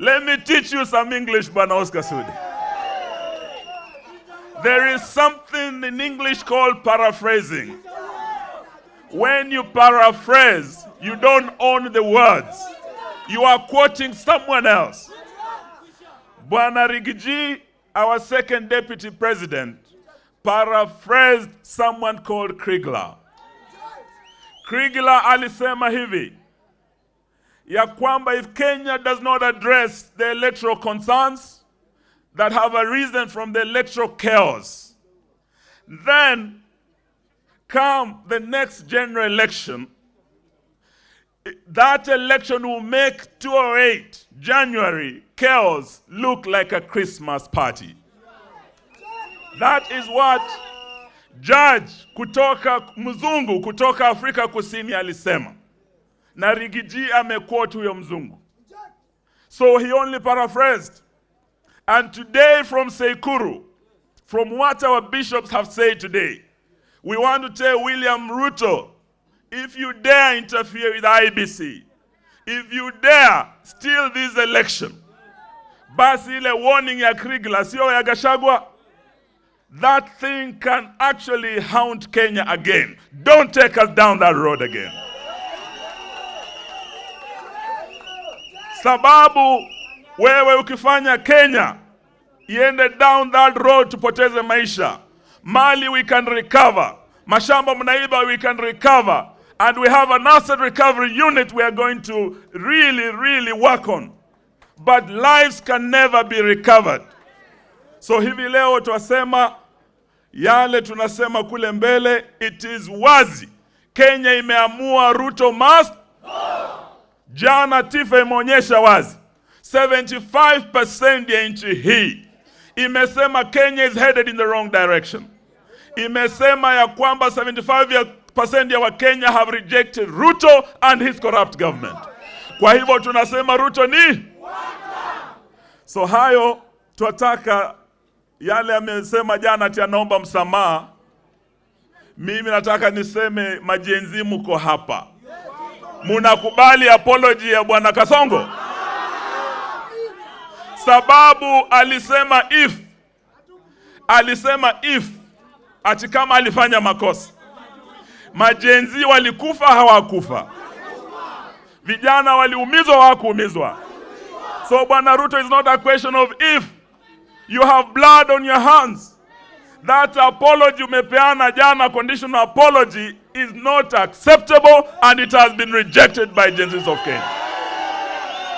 Let me teach you some English, Bwana Oscar Sudi. There is something in English called paraphrasing. When you paraphrase, you don't own the words. You are quoting someone else. Bwana Rigiji, our second deputy president, paraphrased someone called Krigler. Krigler alisema hivi, ya kwamba if Kenya does not address the electoral concerns that have arisen from the electoral chaos then come the next general election that election will make 2008 January chaos look like a Christmas party. That is what judge kutoka mzungu kutoka Afrika Kusini alisema na Rigiji amequote huyo mzungu, so he only paraphrased. And today from Seikuru, from what our bishops have said today, we want to tell William Ruto, if you dare interfere with IBC, if you dare steal this election, basi ile warning ya Krigla sio ya Gashagwa. That thing can actually haunt Kenya again. Don't take us down that road again. sababu wewe ukifanya Kenya iende down that road, tupoteze maisha. Mali we can recover, mashamba mnaiba we can recover, and we have an asset recovery unit we are going to really really work on, but lives can never be recovered. So hivi leo twasema yale tunasema kule mbele, it is wazi Kenya imeamua Ruto must Jana TIFA imeonyesha wazi 75% ya nchi hii imesema Kenya is headed in the wrong direction. Imesema ya kwamba 75% ya Wakenya have rejected Ruto and his corrupt government. Kwa hivyo tunasema Ruto ni so, hayo twataka yale amesema jana ati anaomba msamaha. Mimi nataka niseme majenzi, mko hapa Munakubali apology ya Bwana Kasongo? Sababu alisema if, alisema if ati kama alifanya makosa, majenzi walikufa hawakufa, vijana waliumizwa hawakuumizwa. So Bwana Ruto, is not a question of if you have blood on your hands That apology umepeana jana, conditional apology is not acceptable and it has been rejected by Genesis of Kenya.